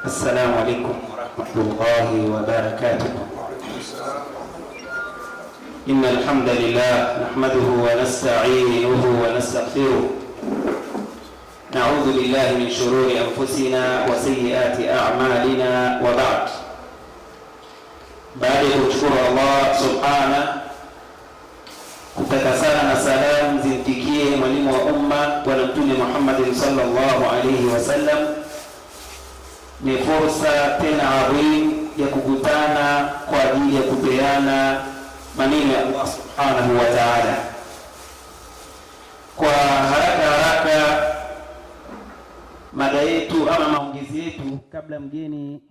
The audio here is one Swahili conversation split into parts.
السلام عليكم ورحمة الله وبركاته إن الحمد لله نحمده ونستعينه ونستغفره نعوذ بالله من شرور أنفسنا وسيئات أعمالنا وبعد بعد شكر الله سبحانه تكسر سلام زنتكيه ولم وأمة ولم محمد صلى الله عليه وسلم ni fursa tena adhim ya kukutana kwa ajili ya kupeana maneno ya Allah subhanahu wa ta'ala. Kwa haraka haraka, mada yetu ama maongezi yetu, kabla mgeni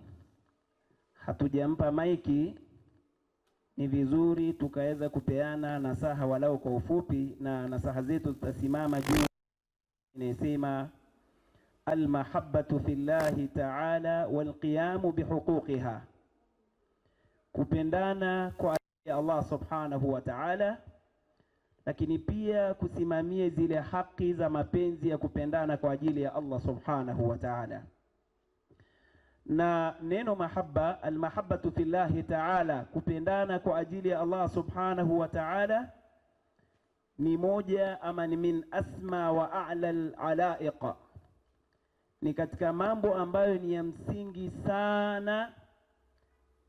hatujampa maiki, ni vizuri tukaweza kupeana nasaha walau kwa ufupi, na nasaha zetu zitasimama juu inayesema almahabbatu llahi taala walqiyamu bihuquqiha, kupendana kwa ya Allah subhanahu wa taala, lakini pia kusimamia zile haki za mapenzi ya kupendana kwa ajili ya Allah subhanahu wa taala. Na neno mahaba, almahabbatu fillahi taala, kupendana kwa ajili ya Allah subhanahu wa taala ni moja ama ni min asma wa a'la alaiqa ni katika mambo ambayo ni ya msingi sana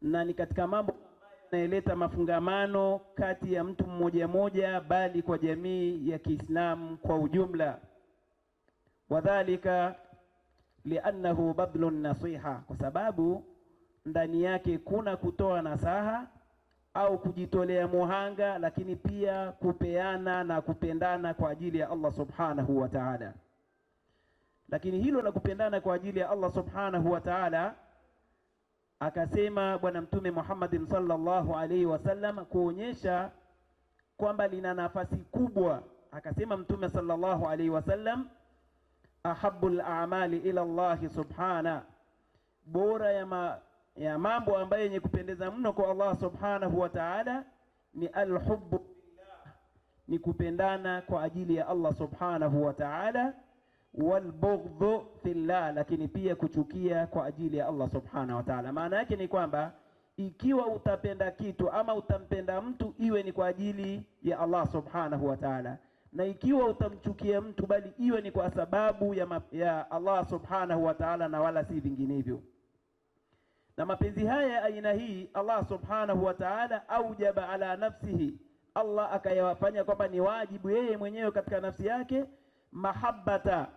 na ni katika mambo ambayo yanayoleta mafungamano kati ya mtu mmoja mmoja, bali kwa jamii ya Kiislamu kwa ujumla. Wadhalika liannahu badlun nasiha, kwa sababu ndani yake kuna kutoa nasaha au kujitolea muhanga, lakini pia kupeana na kupendana kwa ajili ya Allah subhanahu wa ta'ala. Lakini hilo la kupendana kwa ajili ya Allah subhanahu wa ta'ala, akasema Bwana Mtume Muhammadin sallallahu alaihi wasallam kuonyesha kwamba lina nafasi kubwa. Akasema Mtume sallallahu alaihi wasallam, al a'mali ila Allah subhana, bora ya, ma, ya mambo ambayo yenye kupendeza mno kwa Allah subhanahu wa ta'ala ni alhubbu billah, ni kupendana kwa ajili ya Allah subhanahu wa ta'ala walbughdhu fillah, lakini pia kuchukia kwa ajili ya Allah subhanahu wa ta'ala. Maana yake ni kwamba ikiwa utapenda kitu ama utampenda mtu iwe ni kwa ajili ya Allah subhanahu wa ta'ala, na ikiwa utamchukia mtu bali iwe ni kwa sababu ya, ya Allah subhanahu wa ta'ala na wala si vinginevyo. Na mapenzi haya ya aina hii Allah subhanahu wa ta'ala aujaba ala nafsihi, Allah akayawafanya kwamba ni wajibu yeye mwenyewe katika nafsi yake mahabbata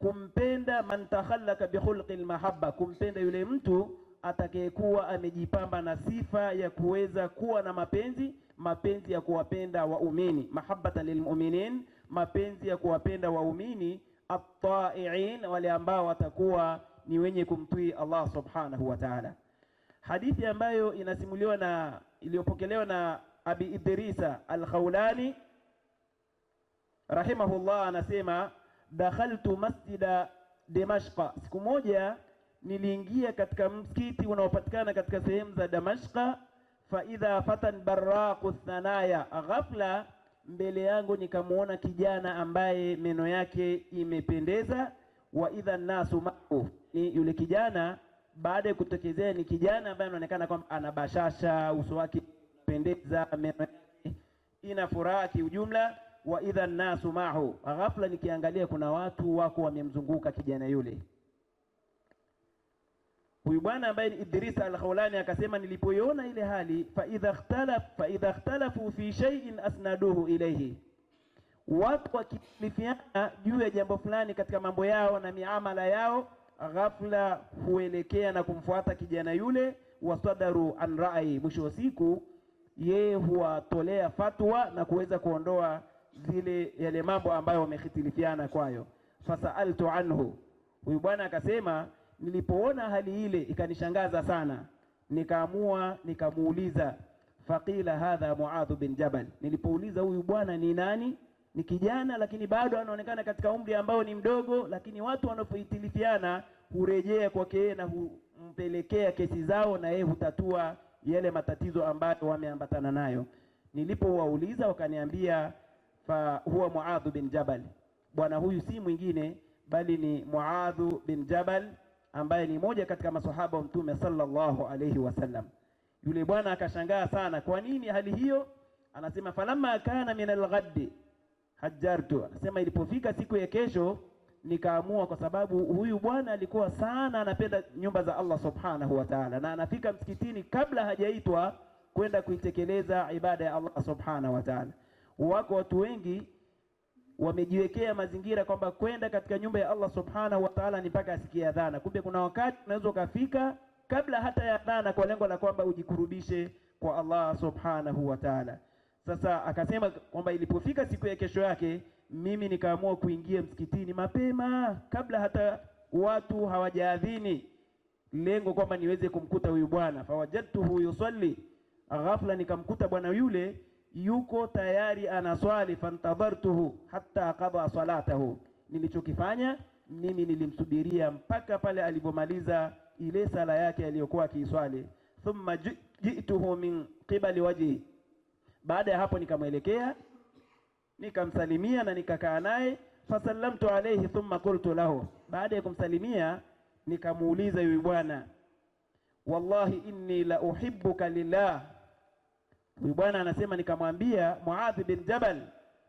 kumpenda man takhallaka bikhulqi lmahabba, kumpenda yule mtu atakayekuwa amejipamba na sifa ya kuweza kuwa na mapenzi, mapenzi ya kuwapenda waumini, mahabbatan lilmuminin, mapenzi ya kuwapenda waumini, attaiin, wale ambao watakuwa ni wenye kumtii Allah subhanahu wa ta'ala. Hadithi ambayo inasimuliwa na iliyopokelewa na Abi Idrisa al-Khawlani rahimahullah anasema dakhaltu masjida Damashqa, siku moja niliingia katika msikiti unaopatikana katika sehemu za Damashqa. Faidha fatan barraqu thanaya, ghafla mbele yangu nikamwona kijana ambaye meno yake imependeza. Wa idha nasu ma'u, ni yule kijana baada ya kutokezea, ni kijana ambaye anaonekana kwamba ana bashasha, uso wake pendeza, meno yake ina furaha kiujumla wa idha nnasu mahu. Ghafla nikiangalia kuna watu wako wamemzunguka kijana yule. Huyu bwana ambaye ni Idris al-Khawlani akasema, nilipoiona ile hali fa idha ikhtalaf fa idha ikhtalafu fi shay'in asnaduhu ilayhi, watu wakilifiana juu ya jambo fulani katika mambo yao na miamala yao, ghafla huelekea na kumfuata kijana yule, wasadaru an rai, mwisho wa siku yeye huwatolea fatwa na kuweza kuondoa zile yale mambo ambayo wamehitilifiana kwayo. Fasaaltu anhu, huyu bwana akasema, nilipoona hali ile ikanishangaza sana, nikaamua nikamuuliza. Faqila hadha Muadh bin Jabal, nilipouliza huyu bwana ni nani? Ni kijana lakini bado anaonekana katika umri ambao ni mdogo, lakini watu wanapohitilifiana hurejea kwake yeye na humpelekea kesi zao, na yeye hutatua yale matatizo ambayo wameambatana nayo. Nilipowauliza wakaniambia fa huwa Muadh bin Jabal. Bwana huyu si mwingine bali ni Muadh bin Jabal ambaye ni moja katika maswahaba wa Mtume sallallahu alayhi wasallam. Yule bwana akashangaa sana, kwa nini hali hiyo? Anasema falamma kana min alghaddi hajjartu, anasema ilipofika siku ya kesho nikaamua, kwa sababu huyu bwana alikuwa sana anapenda nyumba za Allah subhanahu wa ta'ala, na anafika msikitini kabla hajaitwa kwenda kuitekeleza ibada ya Allah subhanahu wa ta'ala. Wako watu wengi wamejiwekea mazingira kwamba kwenda katika nyumba ya Allah subhanahu wa taala ni mpaka asikie adhana. Kumbe kuna wakati unaweza ukafika kabla hata ya adhana, kwa lengo la kwamba ujikurubishe kwa Allah subhanahu wa taala. Sasa akasema kwamba ilipofika siku ya kesho yake, mimi nikaamua kuingia msikitini mapema kabla hata watu hawajaadhini, lengo kwamba niweze kumkuta huyu bwana. Fawajadtuhu yusalli ghafla, nikamkuta bwana yule yuko tayari anaswali, fantadhartuhu hatta qada salatahu, nilichokifanya mimi nilimsubiria mpaka pale alipomaliza ile sala yake aliyokuwa akiiswali. Thumma jituhu min qibali wajhi, baada ya hapo nikamwelekea nikamsalimia na nikakaa naye. Fasallamtu alayhi thumma qultu lahu, baada ya kumsalimia nikamuuliza, yuyu bwana, wallahi inni la uhibbuka lillah Huyu bwana anasema nikamwambia Muadh bin Jabal,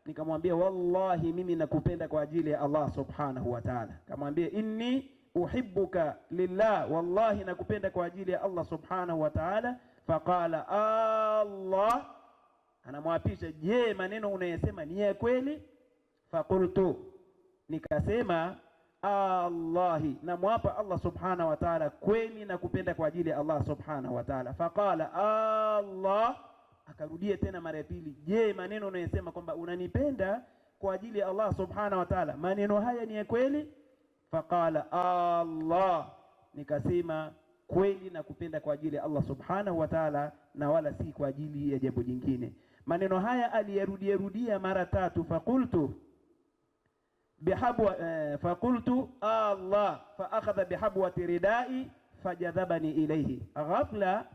nikamwambia wallahi, mimi nakupenda kwa ajili ya Allah subhanahu wa ta'ala. Kamwambia inni uhibbuka lillah, wallahi nakupenda kwa ajili ya Allah subhanahu wa ta'ala. Faqala Allah, anamwapisha, je, maneno unayesema ni ya kweli? Faqultu, nikasema Allahi, namwapa Allah subhanahu wa ta'ala, kweli nakupenda kwa ajili ya Allah subhanahu wa ta'ala. Faqala Allah akarudia tena mara ya pili, je, maneno unayosema kwamba unanipenda kwa ajili ya Allah subhana wa taala, maneno haya ni ya kweli? Faqala Allah, nikasema kweli na kupenda kwa ajili ya Allah subhanahu wa taala na wala si kwa ajili ya jambo jingine. Maneno haya aliyarudia rudia mara tatu. Faqultu bihabwa eh, faqultu Allah, faakhadha bihabwati ridai fajadhabani ilaihi ghafla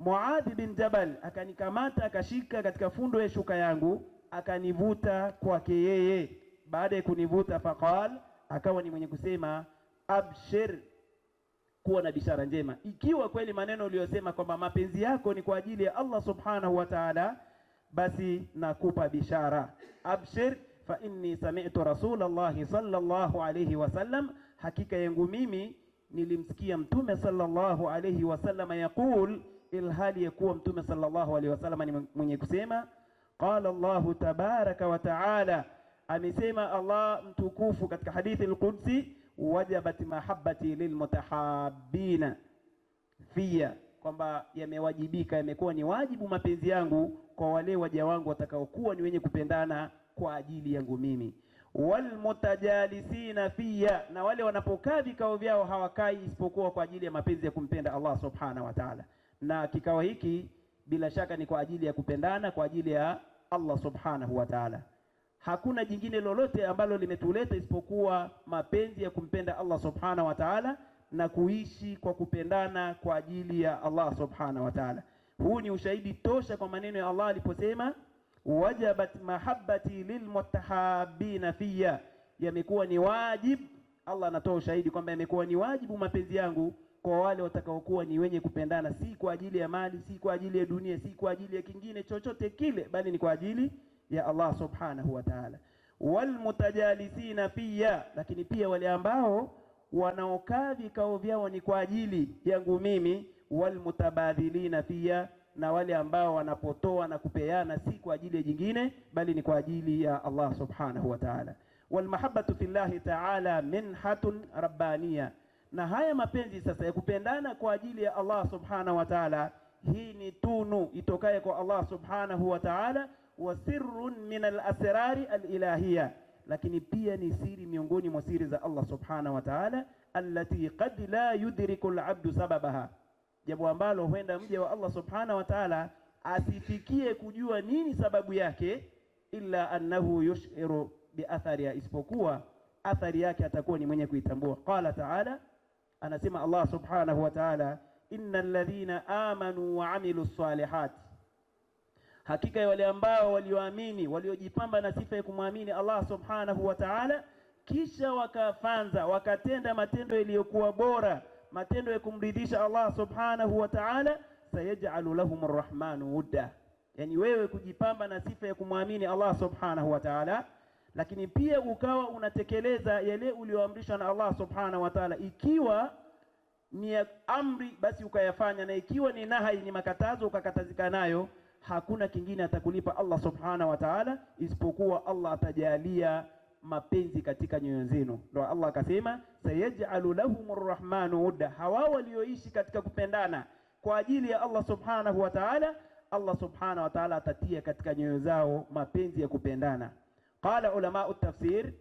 Muadh bin Jabal akanikamata akashika katika fundo ya shuka yangu akanivuta kwake yeye. Baada ya kunivuta, faqal, akawa ni mwenye kusema abshir, kuwa na bishara njema. Ikiwa kweli maneno uliyosema kwamba mapenzi yako ni kwa ajili ya Allah subhanahu wa ta'ala, basi nakupa bishara abshir, fa inni sami'tu rasulallahi sallallahu alayhi wasallam, hakika yangu mimi nilimsikia mtume sallallahu alayhi wasallam yaqul ilhali ya kuwa Mtume sallallahu alaihi wasallam ni mwenye kusema qala Allahu tabaraka wa taala, amesema Allah mtukufu katika hadithi al-Qudsi, wajabat mahabbati lilmutahabbina fiya, kwamba yamewajibika, yamekuwa ni wajibu mapenzi yangu kwa wale waja wangu watakaokuwa ni wenye kupendana kwa ajili yangu mimi walmutajalisina fiya, na wale wanapokaa vikao vyao hawakai isipokuwa kwa ajili ya mapenzi ya kumpenda Allah subhanahu wa ta'ala na kikao hiki bila shaka ni kwa ajili ya kupendana kwa ajili ya Allah subhanahu wa ta'ala. Hakuna jingine lolote ambalo limetuleta isipokuwa mapenzi ya kumpenda Allah subhanahu wa ta'ala na kuishi kwa kupendana kwa ajili ya Allah subhanahu wa ta'ala. Huu ni ushahidi tosha kwa maneno ya Allah aliposema, wajabat mahabbati lilmutahabina fiyya, yamekuwa ni wajib. Allah anatoa ushahidi kwamba yamekuwa ni wajibu mapenzi yangu kwa wale watakaokuwa ni wenye kupendana, si kwa ajili ya mali, si kwa ajili ya dunia, si kwa ajili ya kingine chochote kile, bali ni kwa ajili ya Allah subhanahu wa ta'ala. Walmutajalisina pia, lakini pia wale ambao wanaokaa vikao vyao ni kwa ajili yangu mimi. Walmutabadhilina pia, na wale ambao wanapotoa na kupeana si kwa ajili ya jingine, bali ni kwa ajili ya Allah subhanahu wa ta'ala. mahabbatu fillahi ta'ala minhatun rabbaniyah na haya mapenzi sasa ya kupendana kwa ajili ya Allah subhanahu wa ta'ala, hii ni tunu itokaye kwa Allah subhanahu wa ta'ala, wa sirrun min al-asrari al-ilahiyya, lakini pia ni siri miongoni mwa siri za Allah subhanahu wa ta'ala, allati qad la yudriku al-abdu sababaha, jambo ambalo huenda mja wa Allah subhanahu wa ta'ala asifikie kujua nini sababu yake, illa annahu yushiru biathariha, isipokuwa athari yake atakuwa ni mwenye kuitambua. Qala ta'ala anasema Allah subhanahu wa ta'ala, innal ladhina amanu wa amilu salihat, hakika ya wale ambao walioamini waliojipamba na sifa ya kumwamini Allah subhanahu wa ta'ala, kisha wakafanza wakatenda matendo yaliyokuwa bora, matendo ya kumridhisha Allah subhanahu wa ta'ala, sayajalu lahum arrahmanu wudda, yani wewe kujipamba na sifa ya kumwamini Allah subhanahu wa ta'ala lakini pia ukawa unatekeleza yale uliyoamrishwa na Allah subhanahu wa ta'ala. Ikiwa ni amri, basi ukayafanya, na ikiwa ni nahai, ni makatazo, ukakatazika nayo, hakuna kingine atakulipa Allah subhanahu wa ta'ala isipokuwa Allah atajalia mapenzi katika nyoyo zenu. Ndio Allah akasema, sayajalu lahumur rahmanu wudda, hawa walioishi katika kupendana kwa ajili ya Allah subhanahu wa ta'ala, Allah subhanahu wa ta'ala atatia katika nyoyo zao mapenzi ya kupendana. Qala ulama tafsir,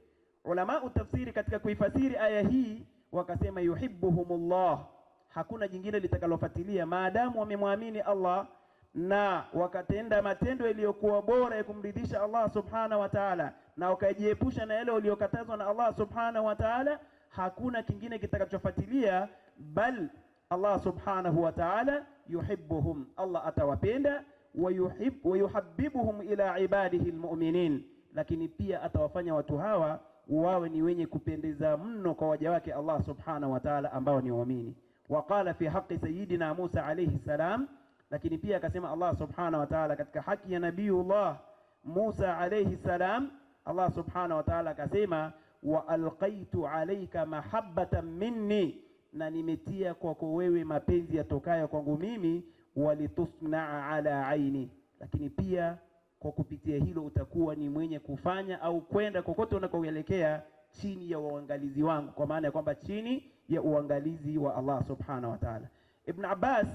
ulama tafsiri katika kuifasiri aya hii wakasema yuhibbuhumullah, hakuna jingine litakalofuatilia maadamu wamemwamini Allah na wakatenda matendo yaliyokuwa bora ya kumridhisha Allah subhanahu wa ta'ala, na wakajiepusha na yale waliokatazwa na Allah subhanahu wa ta'ala, hakuna kingine kitakachofuatilia bal Allah subhanahu wa ta'ala yuhibbuhum, Allah atawapenda, wayuhibbuhum ila ibadihi almu'minin lakini pia atawafanya watu hawa wawe ni wenye kupendeza mno kwa waja wake Allah subhanahu wa ta'ala, ambao ni waamini. Waqala fi haqi sayidina Musa alayhi salam, lakini pia akasema Allah subhanahu wa ta'ala katika haki ya Nabiullah Musa alayhi salam, Allah subhanahu wa ta'ala akasema wa alqaitu alayka mahabbatan minni, na nimetia kwako wewe mapenzi yatokayo kwangu mimi, walitusnaa ala aini, lakini pia kwa kupitia hilo utakuwa ni mwenye kufanya au kwenda kokote unakoelekea chini ya uangalizi wangu, kwa maana ya kwamba chini ya uangalizi wa Allah subhanahu wa ta'ala. Ibn Abbas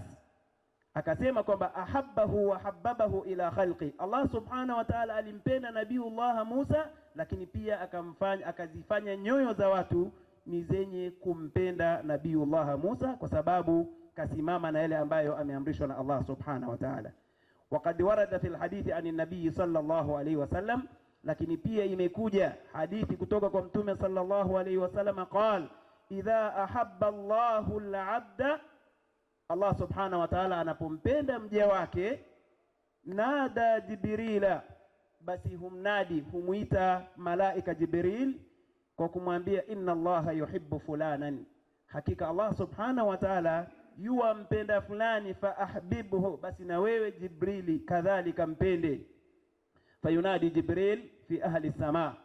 akasema kwamba ahabbahu wa hababahu ila khalqi, Allah subhanahu wa ta'ala alimpenda Nabiullah Musa, lakini pia akamfanya akazifanya nyoyo za watu ni zenye kumpenda Nabiullah Musa, kwa sababu kasimama na yale ambayo ameamrishwa na Allah subhanahu wa ta'ala. Wakad warada fil hadithi ani nabii sallallahu alaihi wasallam, lakini pia imekuja hadithi kutoka kwa mtume sallallahu alaihi wasallam qal idha ahabba llahu al Allah subhanahu wa ta'ala anapompenda mja wake nada Jibrila, basi humnadi humwita malaika Jibril kwa kumwambia inna Allaha yuhibbu fulanan, hakika Allah subhanahu wa ta'ala yuwa mpenda fulani fa ahbibuhu, basi na wewe Jibrili kadhalika mpende. Fayunadi Jibril fi ahli sama,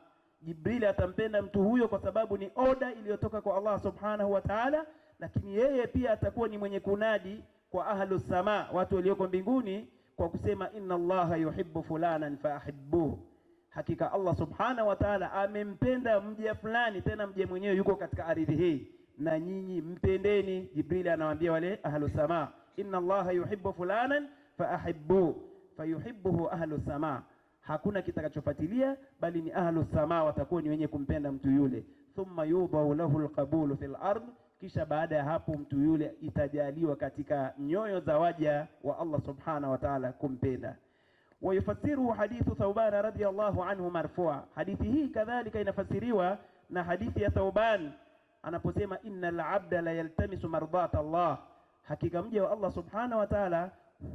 Jibrili atampenda mtu huyo kwa sababu ni oda iliyotoka kwa Allah subhanahu wa ta'ala, lakini yeye pia atakuwa ni mwenye kunadi kwa ahlu sama, watu walioko mbinguni kwa kusema inna Allaha yuhibbu fulanan faahibbuhu, hakika Allah subhanahu wa ta'ala amempenda mja fulani, tena mja mwenyewe yuko katika ardhi hii na nyinyi mpendeni. Jibrili anawaambia wale ahlu sama, inna allaha yuhibbu fulanan fa faahibbu fayuhibbuhu ahlu sama, hakuna kitakachofuatilia bali ni ahlu sama watakuwa ni wenye kumpenda mtu yule. Thumma yudau lahu alqabulu fil ard, kisha baada ya hapo mtu yule itajaliwa katika nyoyo za waja wa Allah subhanahu wa ta'ala kumpenda wayufasiruhu hadithu Thauban radhiyallahu anhu marfua. Hadithi hii kadhalika inafasiriwa na hadithi ya Thauban anaposema innal abda la yaltamisu mardata Allah, hakika mja wa Allah subhanahu wa ta'ala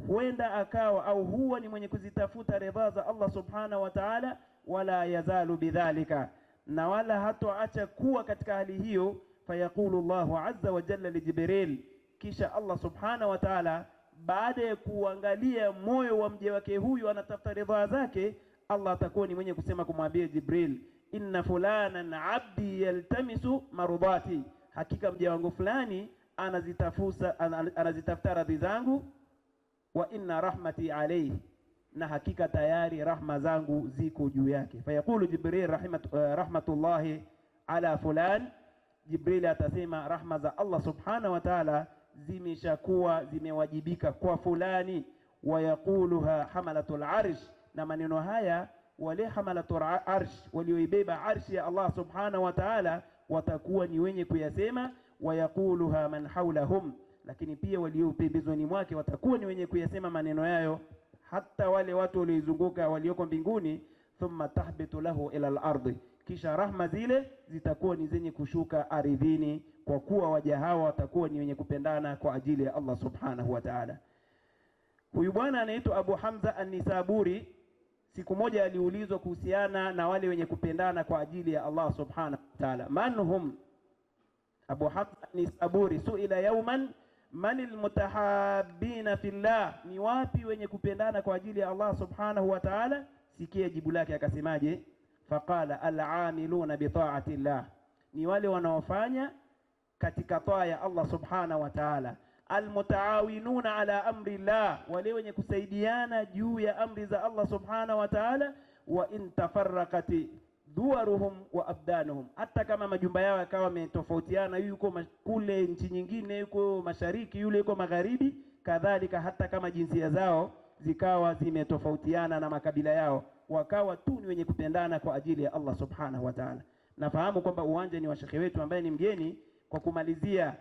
huenda akawa au huwa ni mwenye kuzitafuta ridhaa za Allah subhanahu wa ta'ala, wala yazalu bidhalika, na wala hatoacha kuwa katika hali hiyo. Fayaqulu Allahu azza wa jalla li Jibril, kisha Allah subhanahu wa ta'ala baada ya kuangalia moyo wa mja wake huyu anatafuta ridhaa zake, Allah atakuwa ni mwenye kusema kumwambia Jibril inna fulanan abdi yaltamisu marudhati, hakika mja wangu fulani anazitafusa anazitafuta radhi zangu. Wa inna rahmati alayhi, na hakika tayari rahma zangu ziko juu yake. Fayaqulu Jibril rahmat, uh, rahmatullahi ala fulan, Jibril atasema rahma za Allah subhanahu wa ta'ala zimeshakuwa zimewajibika kwa fulani. Wayaquluha hamalatul arsh, na maneno haya wale hamalatu arsh walioibeba arshi ya Allah subhanahu wa ta'ala watakuwa ni wenye kuyasema wayaquluha man haulahum, lakini pia walio pembezoni mwake watakuwa ni wenye kuyasema maneno yayo, hata wale watu walioizunguka walioko mbinguni. Thumma tahbitu lahu ila al ardh kisha rahma zile zitakuwa ni zenye kushuka ardhini, kwa kuwa waja hawa watakuwa ni wenye kupendana kwa ajili ya Allah subhanahu wa ta'ala. Huyu bwana anaitwa Abu Hamza An-Nisaburi siku moja aliulizwa kuhusiana na wale wenye kupendana kwa ajili ya Allah subhanahu wa ta'ala, man hum? Abu hasan Saburi suila yauman man almutahabbina fillah, ni wapi wenye kupendana kwa ajili ya Allah subhanahu wa ta'ala? Sikia jibu lake akasemaje, faqala alamiluna bita'ati llah, ni wale wanaofanya katika toa ya Allah subhanahu wa ta'ala almutaawinuna ala amri llah, wale wenye kusaidiana juu ya amri za Allah subhanahu wa ta'ala. Wa in tafarraqati duwaruhum wa abdanuhum, hata kama majumba yao yakawa yametofautiana, yule yuko kule nchi nyingine, yuko mashariki, yule yuko magharibi, kadhalika hata kama jinsia zao zikawa zimetofautiana na makabila yao, wakawa tu ni wenye kupendana kwa ajili ya Allah subhanahu wa ta'ala. Nafahamu kwamba uwanja ni wa shekhe wetu ambaye ni mgeni. Kwa kumalizia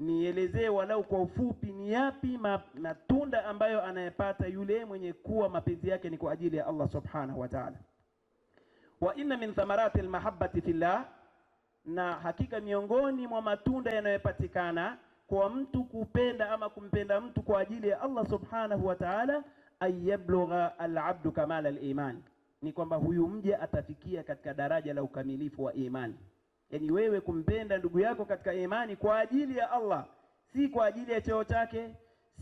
nielezee walau kwa ufupi ni yapi matunda ambayo anayepata yule mwenye kuwa mapenzi yake ni kwa ajili ya Allah subhanahu wa ta'ala. Wa inna min thamarati almahabbati fillah, na hakika miongoni mwa matunda yanayopatikana kwa mtu kupenda ama kumpenda mtu kwa ajili ya Allah subhanahu wa ta'ala, ayablugha alabdu kamala aliman, ni kwamba huyu mja atafikia katika daraja la ukamilifu wa imani yaani wewe kumpenda ndugu yako katika imani kwa ajili ya Allah, si kwa ajili ya cheo chake,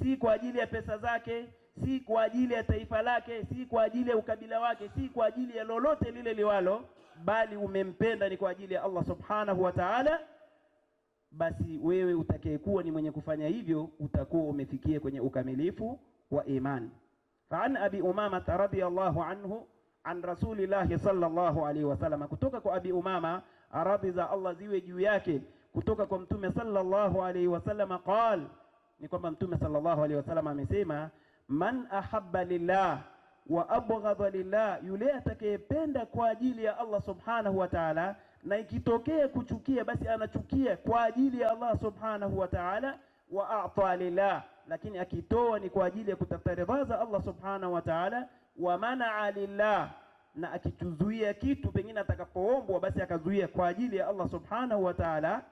si kwa ajili ya pesa zake, si kwa ajili ya taifa lake, si kwa ajili ya ukabila wake, si kwa ajili ya lolote lile liwalo, bali umempenda ni kwa ajili ya Allah subhanahu wa ta'ala. Basi wewe utakayekuwa ni mwenye kufanya hivyo utakuwa umefikia kwenye ukamilifu wa imani. Faan abi umama radhiyallahu anhu an rasulillahi sallallahu alaihi wasallam, kutoka kwa abi umama aradhi za Allah ziwe juu yake, kutoka kwa Mtume sallallahu alaihi wasallam qal, ni kwamba Mtume sallallahu alaihi wasallam amesema, man ahabba lillah wa abghadha lillah, yule atakayependa kwa ajili ya Allah subhanahu wa ta'ala, na ikitokea kuchukia basi anachukia kwa ajili ya Allah subhanahu wa ta'ala. Wa ata lillah, lakini akitoa ni kwa ajili ya kutafuta ridha za Allah subhanahu wa ta'ala. Wa manaa lillah na akituzuia kitu pengine atakapoombwa basi akazuia kwa ajili ya Allah subhanahu wa ta'ala,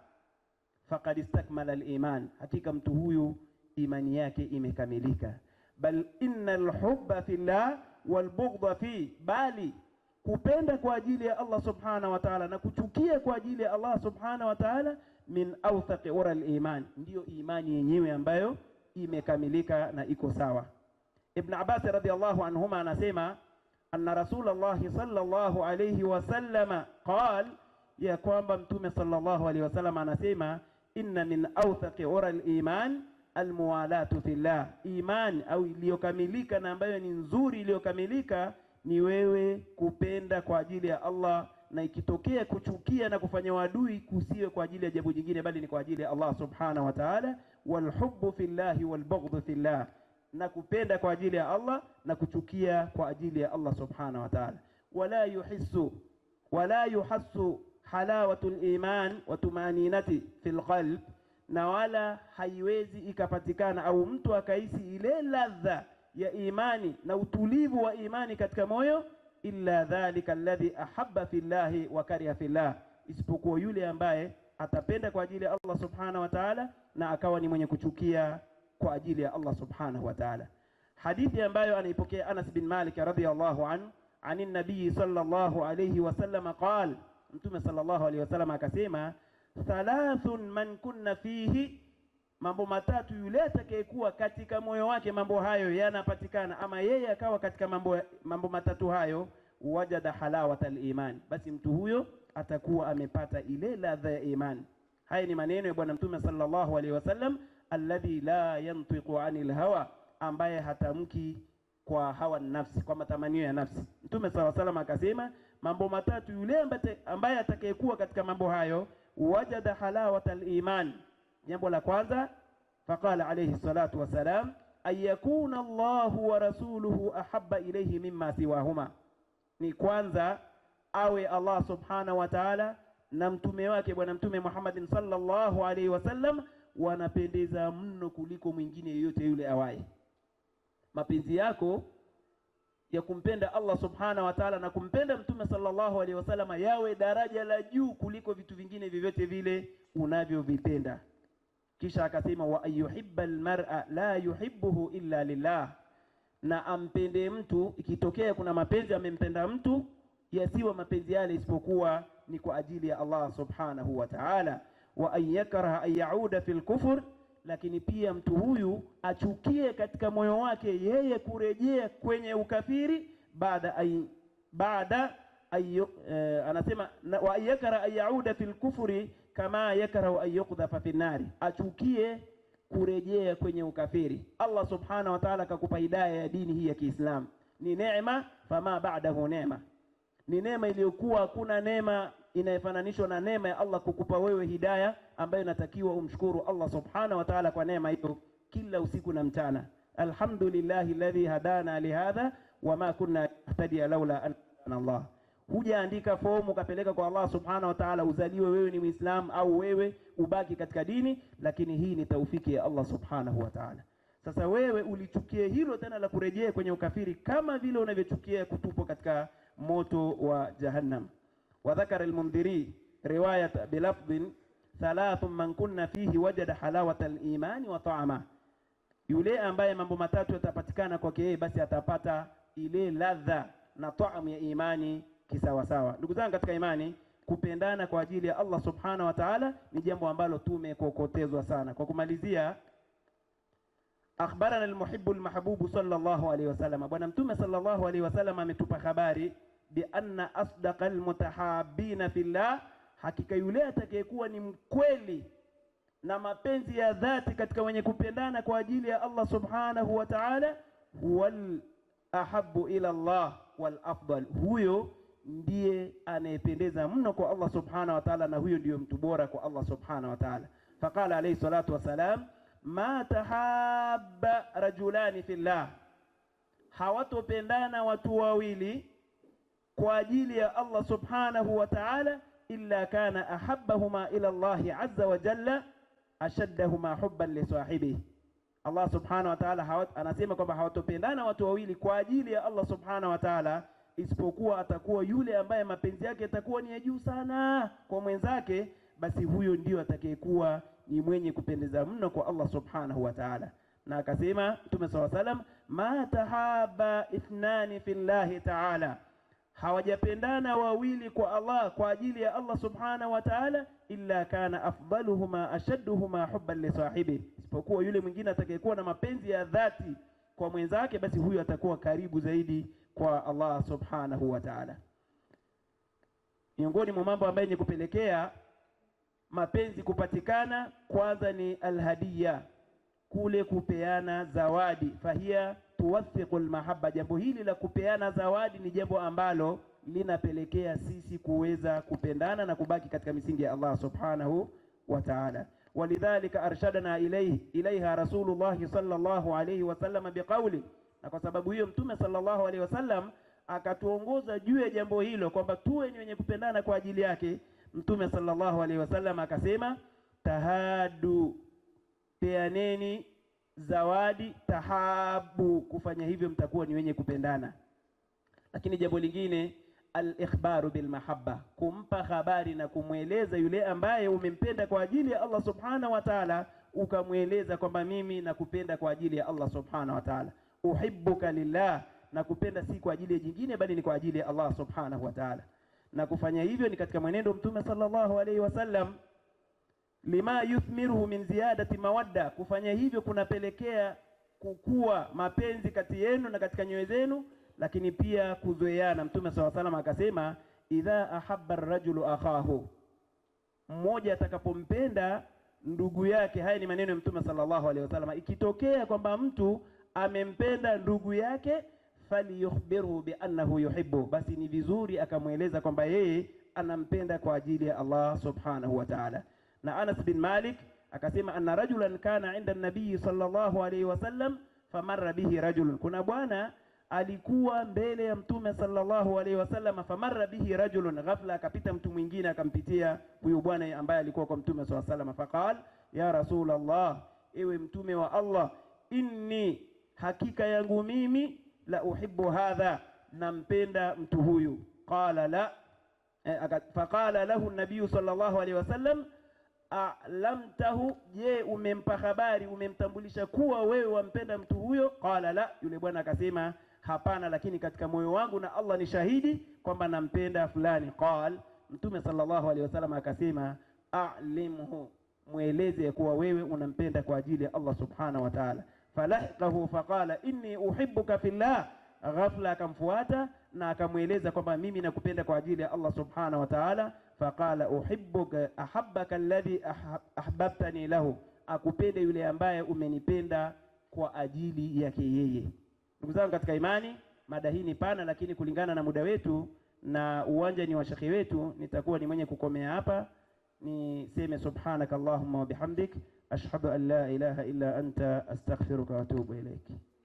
faqad istakmala al-iman, hakika mtu huyu imani yake imekamilika. Bal innal hubba fillah wal bughdha fi, bali kupenda kwa ajili ya Allah subhanahu wa ta'ala na kuchukia kwa ajili ya Allah subhanahu wa ta'ala min awthaqi ura al-iman, ndiyo imani yenyewe ambayo imekamilika na iko sawa. Ibn Abbas radhiyallahu anhuma anasema anna rasulallahi sallallahu alayhi wasallama qal, ya kwamba mtume sallallahu alayhi wasallam anasema inna min awthaqi ura liman almuwalatu fillah, imani au iliyokamilika na ambayo ni nzuri iliyokamilika ni wewe kupenda kwa ajili ya Allah na ikitokea kuchukia na kufanya wadui kusiwe kwa ajili ya jambo jingine, bali ni kwa ajili ya Allah subhanahu wa ta'ala. Walhubbu fillahi walbughdhu fillah na kupenda kwa ajili ya Allah na kuchukia kwa ajili ya Allah subhanahu wa ta'ala. wala yuhissu wala yuhassu halawatul iman wa tumaninati fil qalb, na wala haiwezi ikapatikana au mtu akahisi ile ladha ya imani na utulivu wa imani katika moyo, illa dhalika alladhi ahabba fillahi wa kariha fillah, isipokuwa yule ambaye atapenda kwa ajili ya Allah subhanahu wa ta'ala na akawa ni mwenye kuchukia kwa ajili ya Allah subhanahu wa ta'ala. Hadithi ambayo anaipokea Anas bin Malik radhiyallahu anhu an nabii sallallahu alayhi wasallam qal, Mtume sallallahu alayhi wasallam akasema, thalathun man kunna fihi, mambo matatu yule atakayekuwa katika moyo wake mambo hayo yanapatikana, ama yeye akawa katika mambo, mambo matatu hayo, wajada halawata liman, basi mtu huyo atakuwa amepata ile ladha ya imani. Haya ni maneno ya Bwana Mtume sallallahu alayhi wasallam alladhi la yantiqu anil hawa, ambaye hatamki kwa hawa nafsi, kwa matamanio ya nafsi. Mtume sala salama akasema mambo matatu, yule ambaye atakayekuwa katika mambo hayo wajada halawata liman. Jambo la kwanza, faqala alayhi salatu wasalam ayakuna yakuna Allahu wa rasuluhu ahabba ilayhi mimma siwahuma, ni kwanza awe Allah subhanahu wa ta'ala na mtume wake Bwana Mtume Muhammadin sallallahu alayhi wasallam wanapendeza mno kuliko mwingine yeyote yule awaye. Mapenzi yako ya kumpenda Allah subhana wa taala na kumpenda Mtume sallallahu alaihi wasallam yawe daraja la juu kuliko vitu vingine vyovyote vile unavyovipenda. Kisha akasema wa ayuhibba almar'a la yuhibbuhu illa lillah, na ampende mtu, ikitokea kuna mapenzi amempenda mtu, yasiwa mapenzi yale isipokuwa ni kwa ajili ya Allah subhanahu wa taala wa an an yauda fil kufur, lakini pia mtu huyu achukie katika moyo wake yeye kurejea kwenye ukafiri baada ay, baada ayo, eh, anasema wa an an yauda fil kufuri kama yakrahu an fi fin nari, achukie kurejea kwenye ukafiri. Allah subhanahu wa ta'ala akakupa hidayah ya dini hii ya Kiislamu ni neema, fama ba'dahu neema, ni neema iliyokuwa hakuna neema inayefananishwa na neema ya Allah kukupa wewe hidaya ambayo inatakiwa umshukuru Allah subhanahu wa ta'ala kwa neema hiyo kila usiku na mchana. Alhamdulillahi alladhi hadana lihadha wama kunna nahtadiya laula an Allah. Hujaandika fomu ukapeleka kwa Allah subhanahu wa ta'ala uzaliwe wewe ni Muislamu au wewe ubaki katika dini, lakini hii ni taufiki ya Allah subhanahu wa ta'ala. Sasa wewe ulichukie hilo tena la kurejea kwenye ukafiri kama vile unavyochukia kutupwa katika moto wa Jahannam wa dhakara al-Mundhiri riwayat bilafdhin thalathun man kunna fihi wajada halawata al-imani wa ta'ama, yule ambaye mambo matatu yatapatikana kwake yeye, basi atapata ile ladha na taamu ya imani kisawasawa. Ndugu zangu katika imani, kupendana kwa ajili ya Allah subhana wa ta'ala ni jambo ambalo tumekokotezwa sana. Kwa kumalizia, akhbarana al-muhibbu al-mahbubu sallallahu alayhi wasallam, bwana mtume sallallahu alayhi wasallam ametupa habari bi anna asdaqal mutahabina fillah, hakika yule atakayekuwa ni mkweli na mapenzi ya dhati katika wenye kupendana kwa ajili ya Allah subhanahu wa ta'ala, wal ahabu ila Allah wal afdal, huyo ndiye anayependeza mno kwa Allah subhanahu wa ta'ala, na huyo ndiyo mtu bora kwa Allah subhanahu wa ta'ala. Faqala alayhi salatu wassalam, ma tahabba rajulani fillah, hawatopendana watu wawili kwa ajili ya Allah subhanahu wa ta'ala, illa kana ahabbahuma ila Allahi azza wa jalla ashaddahuma hubban li sahibihi. Allah subhanahu wa ta'ala anasema kwamba hawatopendana watu wawili kwa ajili ya Allah subhanahu wa ta'ala isipokuwa atakuwa yule ambaye mapenzi yake yatakuwa ni ya juu sana kwa mwenzake, basi huyo ndio atakayekuwa ni mwenye kupendeza mno kwa Allah subhanahu wa ta'ala. Na akasema Mtume swalla salam, ma tahaba ithnani fillahi ta'ala hawajapendana wawili kwa Allah kwa ajili ya Allah subhanahu wa ta'ala, illa kana afdaluhuma ashadduhuma hubban li sahibi, isipokuwa yule mwingine atakayekuwa na mapenzi ya dhati kwa mwenzake, basi huyu atakuwa karibu zaidi kwa Allah subhanahu wa ta'ala. Miongoni mwa mambo ambayo ni kupelekea mapenzi kupatikana, kwanza ni alhadiya, kule kupeana zawadi, fahia tuwathiqu lmahaba. Jambo hili la kupeana zawadi ni jambo ambalo linapelekea sisi kuweza kupendana na kubaki katika misingi ya Allah subhanahu wa ta'ala. Walidhalika arshadana ilayhi ilayha Rasulullah sallallahu alayhi wasallam biqauli, na kwa sababu hiyo Mtume sallallahu alayhi wasallam akatuongoza juu ya jambo hilo kwamba tuwe ni wenye kupendana kwa ajili yake. Mtume sallallahu alayhi wasallam akasema, tahadu, peaneni zawadi tahabu, kufanya hivyo mtakuwa ni wenye kupendana. Lakini jambo lingine al-ikhbaru bil mahabba, kumpa habari na kumweleza yule ambaye umempenda kwa ajili ya Allah subhanahu wa ta'ala, ukamweleza kwamba mimi nakupenda kwa ajili ya Allah subhanahu wa ta'ala, uhibbuka lillah, kupenda si kwa ajili ya jingine, bali ni kwa ajili ya Allah subhanahu wa ta'ala. Na kufanya hivyo ni katika mwenendo Mtume sallallahu alaihi wasallam lima yuthmiruhu min ziyadati mawadda, kufanya hivyo kunapelekea kukua mapenzi kati yenu na katika nyoyo zenu, lakini pia kuzoeana. Mtume swalla salam akasema, idha ahabba rajulu akhahu, mmoja atakapompenda ndugu yake. Haya ni maneno ya Mtume sallallahu alaihi wasallam. Ikitokea kwamba mtu amempenda ndugu yake, falyukhbirhu bi annahu yuhibbu, basi ni vizuri akamweleza kwamba yeye anampenda kwa ajili ya Allah subhanahu wa ta'ala na Anas bin Malik akasema, anna rajulan kana inda nabii sallallahu alaihi wasallam famarra bihi rajulun, kuna bwana alikuwa mbele ya mtume sallallahu alaihi wasallam, famarra bihi rajulun, ghafla akapita mtu mwingine akampitia huyu bwana ambaye alikuwa kwa mtume sallallahu alaihi wasallam. Faqal ya Rasulullah, ewe mtume wa Allah, inni, hakika yangu mimi, la uhibbu hadha, nampenda mtu huyu. Qala la, eh, faqala lahu nabiyu sallallahu alaihi wasallam alamtahu, je, umempa habari, umemtambulisha kuwa wewe wampenda mtu huyo? Qala la, yule bwana akasema hapana, lakini katika moyo wangu na Allah ni shahidi kwamba nampenda fulani. Qal, Mtume sallallahu alaihi wasallam akasema alimhu, mweleze kuwa wewe unampenda kwa ajili ya Allah subhanahu wa ta'ala. Falahqahu faqala inni uhibbuka fillah, ghafla akamfuata na akamweleza kwamba mimi nakupenda kwa ajili ya Allah subhanahu wa ta'ala faqala uhibbuka ahabbaka alladhi ahbabtani lahu, akupende yule ambaye umenipenda kwa ajili yake yeye. Ndugu zangu katika imani, mada hii ni pana, lakini kulingana na muda wetu na uwanja ni wa shekhi wetu, nitakuwa ni mwenye kukomea hapa. Niseme subhanaka allahumma wa bihamdik ashhadu an la ilaha illa anta astaghfiruka wa atubu ilaik.